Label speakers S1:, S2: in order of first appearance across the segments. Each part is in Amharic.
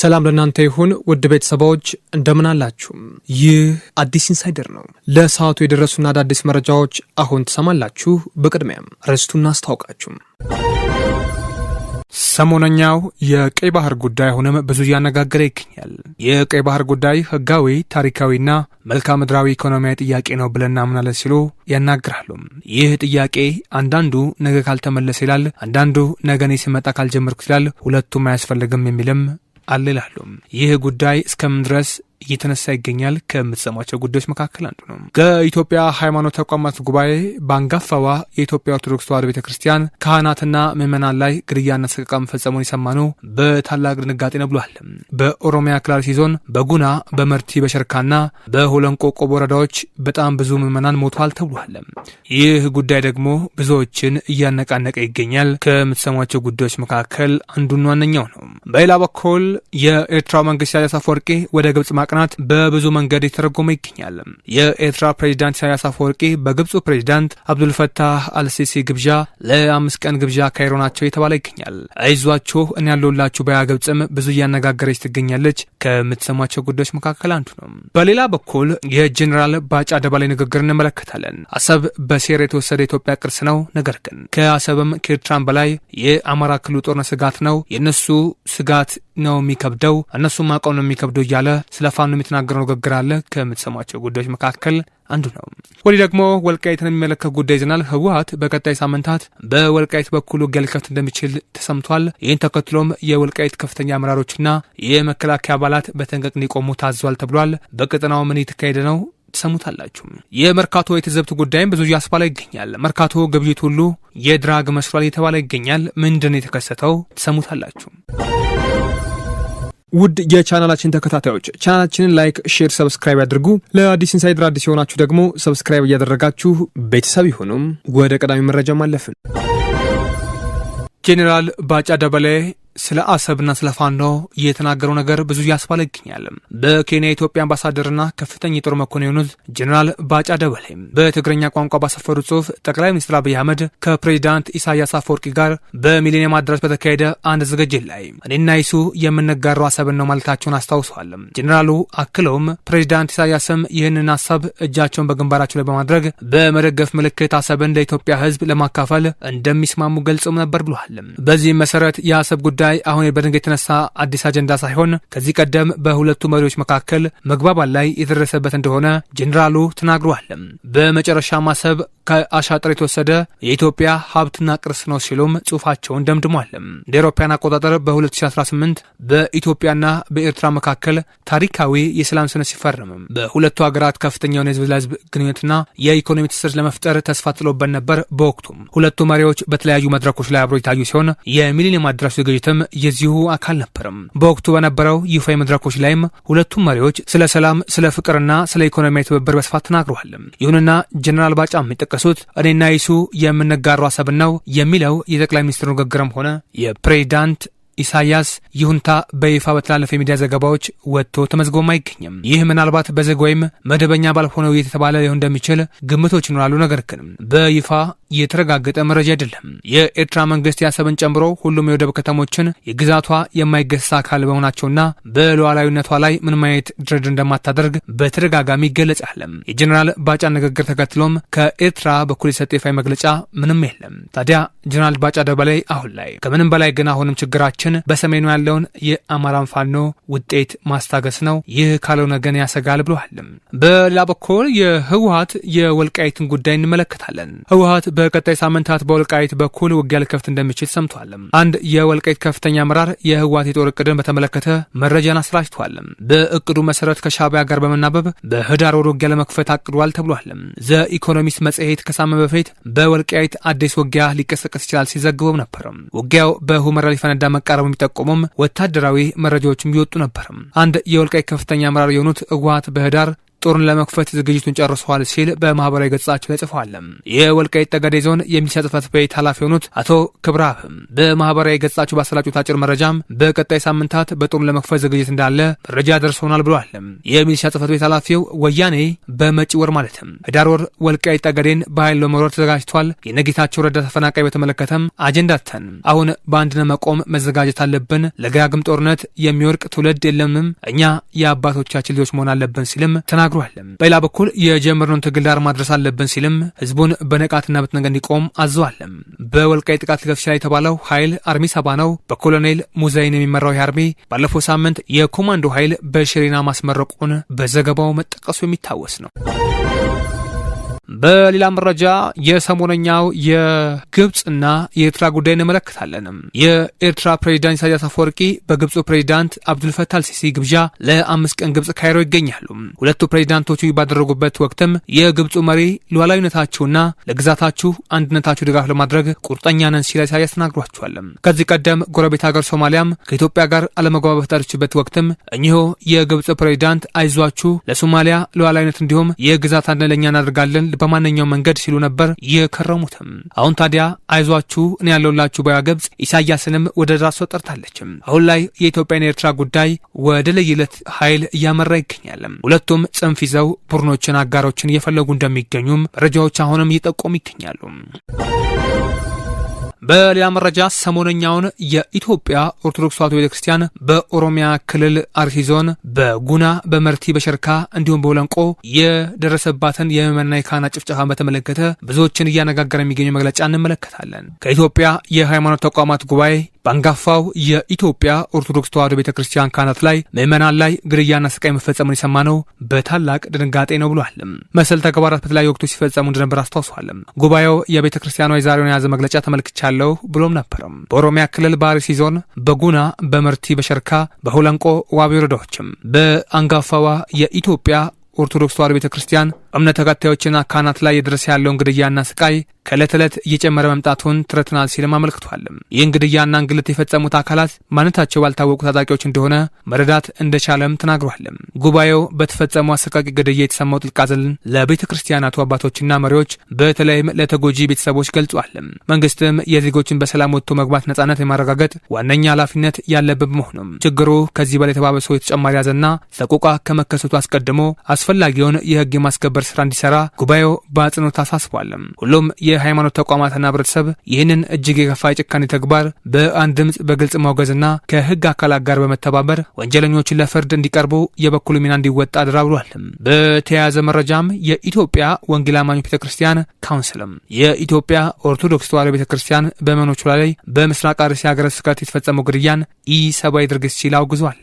S1: ሰላም ለእናንተ ይሁን ውድ ቤተሰባዎች እንደምን አላችሁ? ይህ አዲስ ኢንሳይደር ነው። ለሰዓቱ የደረሱና አዳዲስ መረጃዎች አሁን ትሰማላችሁ። በቅድሚያም ርዕስቱን እናስታውቃችሁም። ሰሞነኛው የቀይ ባህር ጉዳይ አሁንም ብዙ እያነጋገረ ይገኛል። የቀይ ባህር ጉዳይ ህጋዊ፣ ታሪካዊና መልክዓ ምድራዊ ኢኮኖሚያዊ ጥያቄ ነው ብለን እናምናለን ሲሉ ያናግራሉ። ይህ ጥያቄ አንዳንዱ ነገ ካልተመለሰ ይላል፣ አንዳንዱ ነገ እኔ ስመጣ ካልጀመርኩት ይላል፣ ሁለቱም አያስፈልግም የሚልም አለ ይህ ጉዳይ እስከምን ድረስ እየተነሳ ይገኛል ከምትሰሟቸው ጉዳዮች መካከል አንዱ ነው። ከኢትዮጵያ ሃይማኖት ተቋማት ጉባኤ በአንጋፋዋ የኢትዮጵያ ኦርቶዶክስ ተዋህዶ ቤተ ክርስቲያን ካህናትና ምዕመናን ላይ ግድያና ሰቀቃ መፈጸሙን የሰማነው በታላቅ ድንጋጤ ነው ብሏል። በኦሮሚያ ክልል ዞን በጉና በመርቲ በሸርካና በሆለንቆ ቆቦ ወረዳዎች በጣም ብዙ ምዕመናን ሞቷል ተብሏል። ይህ ጉዳይ ደግሞ ብዙዎችን እያነቃነቀ ይገኛል ከምትሰሟቸው ጉዳዮች መካከል አንዱን ዋነኛው ነው። በሌላ በኩል የኤርትራ መንግስት ኢሳያስ አፈወርቂ ወደ ግብጽ ማቅናት በብዙ መንገድ የተረጎመ ይገኛል። የኤርትራ ፕሬዚዳንት ኢሳያስ አፈወርቂ በግብፁ ፕሬዚዳንት አብዱልፈታህ አልሲሲ ግብዣ ለአምስት ቀን ግብዣ ካይሮ ናቸው የተባለ ይገኛል። አይዟችሁ እኔ ያለሁላችሁ በያ ግብፅም ብዙ እያነጋገረች ትገኛለች ከምትሰማቸው ጉዳዮች መካከል አንዱ ነው። በሌላ በኩል ባጭ ባጫ ደባሌ ንግግር እንመለከታለን። አሰብ በሴር የተወሰደ ኢትዮጵያ ቅርስ ነው። ነገር ግን ከአሰብም ከኤርትራም በላይ የአማራ ክልሉ ጦርነት ስጋት ነው። የእነሱ ስጋት ነው የሚከብደው፣ እነሱ ማቀው ነው የሚከብደው እያለ ስለ ፋኖ የሚተናገረው ንግግር አለ። ከምትሰማቸው ጉዳዮች መካከል አንዱ ነው። ወዲህ ደግሞ ወልቃይትን የሚመለከት ጉዳይ ይዘናል። ህወሀት በቀጣይ ሳምንታት በወልቃይት በኩል ውጊያ ሊከፍት እንደሚችል ተሰምቷል። ይህን ተከትሎም የወልቃይት ከፍተኛ አመራሮችና የመከላከያ አባላት አባላት በተንቀቅ እንዲቆሙ ታዟል ተብሏል። በቀጠናው ምን የተካሄደ ነው ትሰሙታላችሁ። የመርካቶ የተዘብት ጉዳይም ብዙ እያስባላ ይገኛል። መርካቶ ግብይት ሁሉ የድራግ መስሏል የተባለ ይገኛል። ምንድን ነው የተከሰተው? ትሰሙታላችሁ። ውድ የቻናላችን ተከታታዮች ቻናላችንን ላይክ፣ ሼር፣ ሰብስክራይብ ያድርጉ። ለአዲስ ኢንሳይድር አዲስ የሆናችሁ ደግሞ ሰብስክራይብ እያደረጋችሁ ቤተሰብ ይሁኑም። ወደ ቀዳሚ መረጃ ማለፍን ጄኔራል ባጫ ደበሌ ስለ አሰብና ስለ ፋኖ የተናገረው ነገር ብዙ ያስባለ ይገኛል። በኬንያ የኢትዮጵያ አምባሳደርና ከፍተኛ የጦር መኮንን የሆኑት ጀኔራል ባጫ ደበሌ በትግረኛ ቋንቋ ባሰፈሩ ጽሁፍ ጠቅላይ ሚኒስትር አብይ አህመድ ከፕሬዚዳንት ኢሳያስ አፈወርቂ ጋር በሚሊኒየም አዳራሽ በተካሄደ አንድ ዝግጅት ላይ እኔና ይሱ የምንጋራው አሰብን ነው ማለታቸውን አስታውሰዋል። ጀኔራሉ አክለውም ፕሬዚዳንት ኢሳያስም ይህንን ሀሳብ እጃቸውን በግንባራቸው ላይ በማድረግ በመደገፍ ምልክት አሰብን ለኢትዮጵያ ህዝብ ለማካፈል እንደሚስማሙ ገልጸው ነበር ብለዋል። በዚህም መሰረት የአሰብ ጉዳይ ጉዳይ አሁን በድንገ የተነሳ አዲስ አጀንዳ ሳይሆን ከዚህ ቀደም በሁለቱ መሪዎች መካከል መግባባት ላይ የተደረሰበት እንደሆነ ጄኔራሉ ተናግረዋል። በመጨረሻ ማሰብ ከአሻጥር የተወሰደ የኢትዮጵያ ሀብትና ቅርስ ነው ሲሉም ጽሁፋቸውን ደምድሟል። እንደ አውሮፓውያን አቆጣጠር በ2018 በኢትዮጵያና በኤርትራ መካከል ታሪካዊ የሰላም ስነ ሲፈርም በሁለቱ ሀገራት ከፍተኛውን የህዝብ ለህዝብ ግንኙነትና የኢኮኖሚ ትስስር ለመፍጠር ተስፋ ጥሎበት ነበር። በወቅቱም ሁለቱ መሪዎች በተለያዩ መድረኮች ላይ አብሮ የታዩ ሲሆን የሚሊኒየም አዳራሽ ዝግጅትም የዚሁ አካል ነበርም። በወቅቱ በነበረው ይፋዊ መድረኮች ላይም ሁለቱም መሪዎች ስለ ሰላም፣ ስለ ፍቅርና ስለ ኢኮኖሚያዊ ትብብር በስፋት ተናግረዋል። ይሁንና ጀኔራል ባጫም የጠቀሱ የጠቀሱት እኔና ይሱ የምንጋሩ አሰብን ነው የሚለው የጠቅላይ ሚኒስትሩ ንግግርም ሆነ የፕሬዚዳንት ኢሳያስ ይሁንታ በይፋ በተላለፈ የሚዲያ ዘገባዎች ወጥቶ ተመዝግቦም አይገኝም። ይህ ምናልባት በዝግ ወይም መደበኛ ባልሆነ ውይይት የተባለ ሊሆን እንደሚችል ግምቶች ይኖራሉ። ነገር ግን በይፋ የተረጋገጠ መረጃ አይደለም። የኤርትራ መንግስት የአሰብን ጨምሮ ሁሉም የወደብ ከተሞችን የግዛቷ የማይገሳ አካል በመሆናቸውና በሉዓላዊነቷ ላይ ምንም አይነት ድርድር እንደማታደርግ በተደጋጋሚ ይገለጻል። የጀኔራል ባጫ ንግግር ተከትሎም ከኤርትራ በኩል የሰጠ ይፋዊ መግለጫ ምንም የለም። ታዲያ ጀኔራል ባጫ ደበላይ አሁን ላይ ከምንም በላይ ግን አሁንም ችግራችን በሰሜኑ ያለውን የአማራን ፋኖ ውጤት ማስታገስ ነው፣ ይህ ካልሆነ ግን ያሰጋል ብለዋል። በሌላ በኩል የህወሀት የወልቃይትን ጉዳይ እንመለከታለን። ህወሀት በቀጣይ ሳምንታት በወልቃይት በኩል ውጊያ ሊከፍት እንደሚችል ሰምቷል። አንድ የወልቃይት ከፍተኛ አመራር የህወሓት የጦር እቅድን በተመለከተ መረጃን አሰራጭቷል። በእቅዱ መሰረት ከሻቢያ ጋር በመናበብ በህዳር ወር ውጊያ ለመክፈት አቅዷል ተብሏል። ዘ ኢኮኖሚስት መጽሔት ከሳምንት በፊት በወልቃይት አዲስ ውጊያ ሊቀሰቀስ ይችላል ሲዘግበው ነበር። ውጊያው በሁመራ ሊፈነዳ መቃረቡ የሚጠቁሙም ወታደራዊ መረጃዎችም ይወጡ ነበር። አንድ የወልቃይት ከፍተኛ አመራር የሆኑት ህወሓት በህዳር ጦርን ለመክፈት ዝግጅቱን ጨርሰዋል ሲል በማህበራዊ ገጻቸው ላይ ጽፏል። የወልቃይት ጠገዴ ዞን የሚሊሻ ጽሕፈት ቤት ኃላፊ የሆኑት አቶ ክብራብ በማህበራዊ ገጻቸው ባሰራጩት አጭር መረጃም በቀጣይ ሳምንታት በጦርን ለመክፈት ዝግጅት እንዳለ መረጃ ደርሶናል ብሏል። የሚሊሻ ጽሕፈት ቤት ኃላፊው ወያኔ በመጪ ወር ማለትም ህዳር ወር ወልቃይት ጠገዴን በኃይል ለመውረር ተዘጋጅቷል። የነጌታቸው ረዳ ተፈናቃይ በተመለከተም አጀንዳተን አሁን በአንድነ መቆም መዘጋጀት አለብን። ለገራግም ጦርነት የሚወርቅ ትውልድ የለምም። እኛ የአባቶቻችን ልጆች መሆን አለብን ሲልም ተናግ ተናግሯል። በሌላ በኩል የጀመርነውን ትግል ዳር ማድረስ አለብን ሲልም ህዝቡን በንቃትና በትነገ እንዲቆም አዘዋል። በወልቃይት ጥቃት ሊከፍት ይችላል የተባለው ኃይል አርሚ ሰባ ነው። በኮሎኔል ሙዛይን የሚመራው ይህ አርሚ ባለፈው ሳምንት የኮማንዶ ኃይል በሽሬና ማስመረቁን በዘገባው መጠቀሱ የሚታወስ ነው። በሌላ መረጃ የሰሞነኛው የግብፅና የኤርትራ ጉዳይ እንመለከታለን። የኤርትራ ፕሬዚዳንት ኢሳያስ አፈወርቂ በግብፁ ፕሬዚዳንት አብዱልፈታ አልሲሲ ግብዣ ለአምስት ቀን ግብፅ ካይሮ ይገኛሉ። ሁለቱ ፕሬዚዳንቶቹ ባደረጉበት ወቅትም የግብፁ መሪ ሉዓላዊነታችሁና ለግዛታችሁ አንድነታችሁ ድጋፍ ለማድረግ ቁርጠኛ ነን ሲል ኢሳያስ ተናግሯቸዋል። ከዚህ ቀደም ጎረቤት ሀገር ሶማሊያም ከኢትዮጵያ ጋር አለመግባባት በተዳረችበት ወቅትም እኚሁ የግብፅ ፕሬዚዳንት አይዟችሁ ለሶማሊያ ሉዓላዊነት እንዲሁም የግዛት አንድነት ለእኛ እናደርጋለን በማንኛውም መንገድ ሲሉ ነበር የከረሙትም። አሁን ታዲያ አይዟችሁ እኔ ያለውላችሁ ባያ ግብጽ ኢሳያስንም ወደ ራሷ ጠርታለችም። አሁን ላይ የኢትዮጵያን የኤርትራ ጉዳይ ወደ ለይለት ኃይል እያመራ ይገኛል። ሁለቱም ጽንፍ ይዘው ቡድኖችን፣ አጋሮችን እየፈለጉ እንደሚገኙም መረጃዎች አሁንም እየጠቆሙ ይገኛሉ። በሌላ መረጃ ሰሞነኛውን የኢትዮጵያ ኦርቶዶክስ ተዋሕዶ ቤተ ክርስቲያን በኦሮሚያ ክልል አርሲ ዞን በጉና በመርቲ በሸርካ እንዲሁም በወለንቆ የደረሰባትን የምዕመናንና የካህናት ጭፍጨፋ በተመለከተ ብዙዎችን እያነጋገረ የሚገኘው መግለጫ እንመለከታለን። ከኢትዮጵያ የሃይማኖት ተቋማት ጉባኤ በአንጋፋው የኢትዮጵያ ኦርቶዶክስ ተዋሕዶ ቤተ ክርስቲያን ካህናት ላይ ምዕመናን ላይ ግድያና ስቃይ መፈጸሙን የሰማነው በታላቅ ድንጋጤ ነው ብሏል። መሰል ተግባራት በተለያዩ ወቅቶች ሲፈጸሙ እንደነበር አስታውሷል። ጉባኤው የቤተ ክርስቲያኗ የዛሬውን የያዘ መግለጫ ተመልክቻለሁ ብሎም ነበርም። በኦሮሚያ ክልል ባሪ ሲዞን፣ በጉና በመርቲ፣ በሸርካ፣ በሁለንቆ ዋቢ ወረዳዎችም በአንጋፋዋ የኢትዮጵያ ኦርቶዶክስ ተዋሕዶ ቤተ ክርስቲያን እምነት ተከታዮችና ካህናት ላይ የደረሰ ያለውን ግድያና ስቃይ ከዕለት ዕለት እየጨመረ መምጣቱን ትረትናል ሲልም አመልክቷል። ይህን ግድያና እንግልት የፈጸሙት አካላት ማንነታቸው ባልታወቁ ታጣቂዎች እንደሆነ መረዳት እንደቻለም ተናግሯል። ጉባኤው በተፈጸመው አሰቃቂ ግድያ የተሰማው ጥልቅ ሐዘንን ለቤተ ክርስቲያናቱ አባቶችና መሪዎች በተለይም ለተጎጂ ቤተሰቦች ገልጿል። መንግስትም የዜጎችን በሰላም ወጥቶ መግባት ነጻነት የማረጋገጥ ዋነኛ ኃላፊነት ያለበት በመሆኑም ችግሩ ከዚህ በላይ የተባበሰው የተጨማሪ ሐዘንና ሰቆቃ ከመከሰቱ አስቀድሞ አስፈላጊውን የህግ የማስከበር የማህበር ስራ እንዲሰራ ጉባኤው በአጽንኦት አሳስቧል። ሁሉም የሃይማኖት ተቋማትና ህብረተሰብ ይህንን እጅግ የከፋ የጭካኔ ተግባር በአንድ ድምፅ በግልጽ ማውገዝና ከህግ አካላት ጋር በመተባበር ወንጀለኞችን ለፍርድ እንዲቀርቡ የበኩሉ ሚና እንዲወጣ አድራብሏል። በተያያዘ መረጃም የኢትዮጵያ ወንጌል አማኞች ቤተ ክርስቲያን ካውንስልም የኢትዮጵያ ኦርቶዶክስ ተዋሕዶ ቤተ ክርስቲያን በመኖቹ ላይ በምስራቅ አርሲ ሀገረ ስብከት የተፈጸመው ግድያን ኢሰብአዊ ድርጊት ሲል አውግዟል።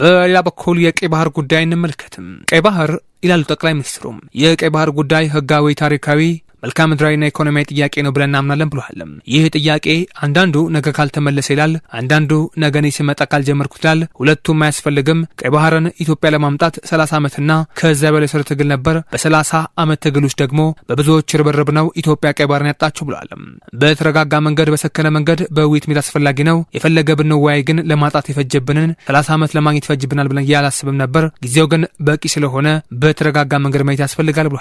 S1: በሌላ በኩል የቀይ ባህር ጉዳይ እንመልከትም። ቀይ ባህር ይላሉ ጠቅላይ ሚኒስትሩም የቀይ ባህር ጉዳይ ህጋዊ፣ ታሪካዊ መልክዓ ምድራዊና ኢኮኖሚያዊ ጥያቄ ነው ብለን እናምናለን ብለዋል። ይህ ጥያቄ አንዳንዱ ነገ ካልተመለሰ ይላል፣ አንዳንዱ ነገ እኔ ስመጣ ካልጀመርኩት ይላል። ሁለቱም አያስፈልግም። ቀይ ባህርን ኢትዮጵያ ለማምጣት 30 ዓመትና ከዚያ በላይ ስር ትግል ነበር። በ30 ዓመት ትግል ውስጥ ደግሞ በብዙዎች ርብርብ ነው ኢትዮጵያ ቀይ ባህርን ያጣችው ብሏል። በተረጋጋ መንገድ፣ በሰከነ መንገድ በውይይት ሜዳ አስፈላጊ ነው። የፈለገ ብንወያይ ግን ለማጣት የፈጀብንን 30 ዓመት ለማግኘት ይፈጅብናል ብለን ያላስብም ነበር። ጊዜው ግን በቂ ስለሆነ በተረጋጋ መንገድ ማየት ያስፈልጋል ብሏል።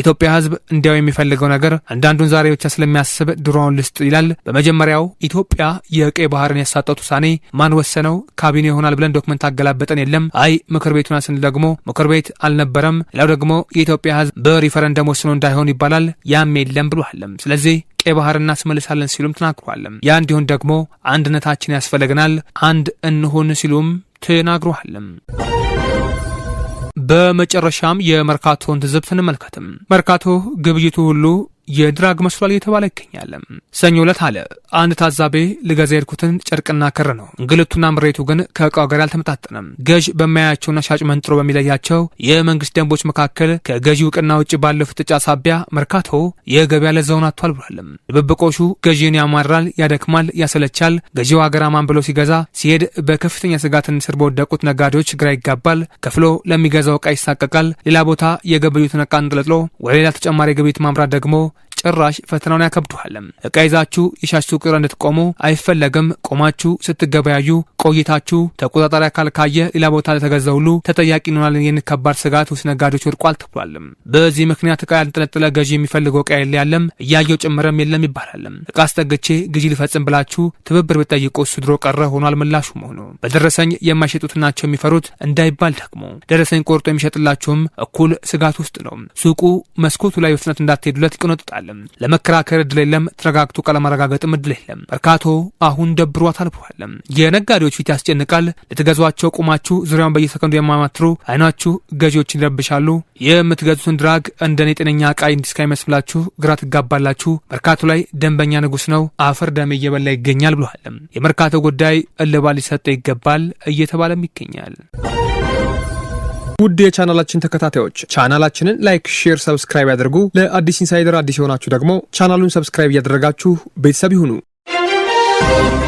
S1: ኢትዮጵያ ህዝብ እንዲያው የሚፈልግ የሚፈልገው ነገር አንዳንዱን ዛሬ ብቻ ስለሚያስብ ድሮውን ልስጥ ይላል። በመጀመሪያው ኢትዮጵያ የቀይ ባህርን ያሳጠት ውሳኔ ማን ወሰነው? ካቢኔ ይሆናል ብለን ዶክመንት አገላበጠን የለም። አይ ምክር ቤቱና ስንል ደግሞ ምክር ቤት አልነበረም። ሌላው ደግሞ የኢትዮጵያ ህዝብ በሪፈረንደም ወስኖ እንዳይሆን ይባላል። ያም የለም ብሏለም። ስለዚህ ቀይ ባህር እናስመልሳለን ሲሉም ትናግሯለም። ያ እንዲሆን ደግሞ አንድነታችን ያስፈልገናል፣ አንድ እንሆን ሲሉም ተናግሯል። በመጨረሻም የመርካቶን ትዝብት እንመልከትም። መርካቶ ግብይቱ ሁሉ የድራግ መስሏል እየተባለ ይገኛል። ሰኞ ዕለት አለ አንድ ታዛቤ ልገዛ የሄድኩትን ጨርቅና ክር ነው። እንግልቱና ምሬቱ ግን ከእቃው ጋር አልተመጣጠነም። ገዥ በሚያያቸውና ሻጭ መንጥሮ በሚለያቸው የመንግስት ደንቦች መካከል ከገዢ እውቅና ውጭ ባለው ፍጥጫ ሳቢያ መርካቶ የገበያ ለዘውን አጥቷል ብሏል። ድብብቆሹ ገዢን ያማራል፣ ያደክማል፣ ያሰለቻል። ገዢው ሀገራማን ብሎ ሲገዛ ሲሄድ በከፍተኛ ስጋት ስር በወደቁት ነጋዴዎች ግራ ይጋባል። ከፍሎ ለሚገዛው እቃ ይሳቀቃል። ሌላ ቦታ የገበዩትን እቃ አንጠልጥሎ ወደ ሌላ ተጨማሪ ግብይት ማምራት ደግሞ ጭራሽ ፈተናውን ያከብዷል። እቃ ይዛችሁ የሻሽ ሱቅ እንድትቆሙ አይፈለግም። ቆማችሁ ስትገበያዩ ቆይታችሁ ተቆጣጣሪ አካል ካየ ሌላ ቦታ ለተገዛ ሁሉ ተጠያቂ እንሆናል። ይህን ከባድ ስጋት ውስጥ ነጋዴዎች ወድቋል ተብሏል። በዚህ ምክንያት እቃ ያልተንጠለጠለ ገዢ የሚፈልገው እቃ የለ ያለም እያየው ጭምረም የለም ይባላል። እቃ አስጠግቼ ግዢ ልፈጽም ብላችሁ ትብብር ብጠይቁ እሱ ድሮ ቀረ ሆኗል ምላሹ መሆኑ በደረሰኝ የማይሸጡት ናቸው የሚፈሩት እንዳይባል ደግሞ ደረሰኝ ቆርጦ የሚሸጥላችሁም እኩል ስጋት ውስጥ ነው። ሱቁ መስኮቱ ላይ በፍጥነት እንዳትሄዱለት ይቅኖጥጣል። የለም። ለመከራከር እድል የለም። ተረጋግቶ ቃለማረጋገጥም እድል የለም። መርካቶ አሁን ደብሯታል ብሏል። የነጋዴዎች ፊት ያስጨንቃል። ልትገዟቸው ቁማችሁ ዙሪያውን በየሰከንዱ የማማትሩ አይናችሁ ገዢዎችን ይረብሻሉ። የምትገዙትን ድራግ እንደኔ ጤነኛ ቃይ እንዲስካ ይመስላችሁ ግራ ትጋባላችሁ። መርካቶ ላይ ደንበኛ ንጉስ ነው፣ አፈር ደሜ እየበላ ይገኛል ብሏል። የመርካቶ ጉዳይ እልባ ሊሰጠ ይገባል እየተባለም ይገኛል። ውድ የቻናላችን ተከታታዮች ቻናላችንን ላይክ፣ ሼር፣ ሰብስክራይብ ያደርጉ። ለአዲስ ኢንሳይደር አዲስ የሆናችሁ ደግሞ ቻናሉን ሰብስክራይብ እያደረጋችሁ ቤተሰብ ይሁኑ።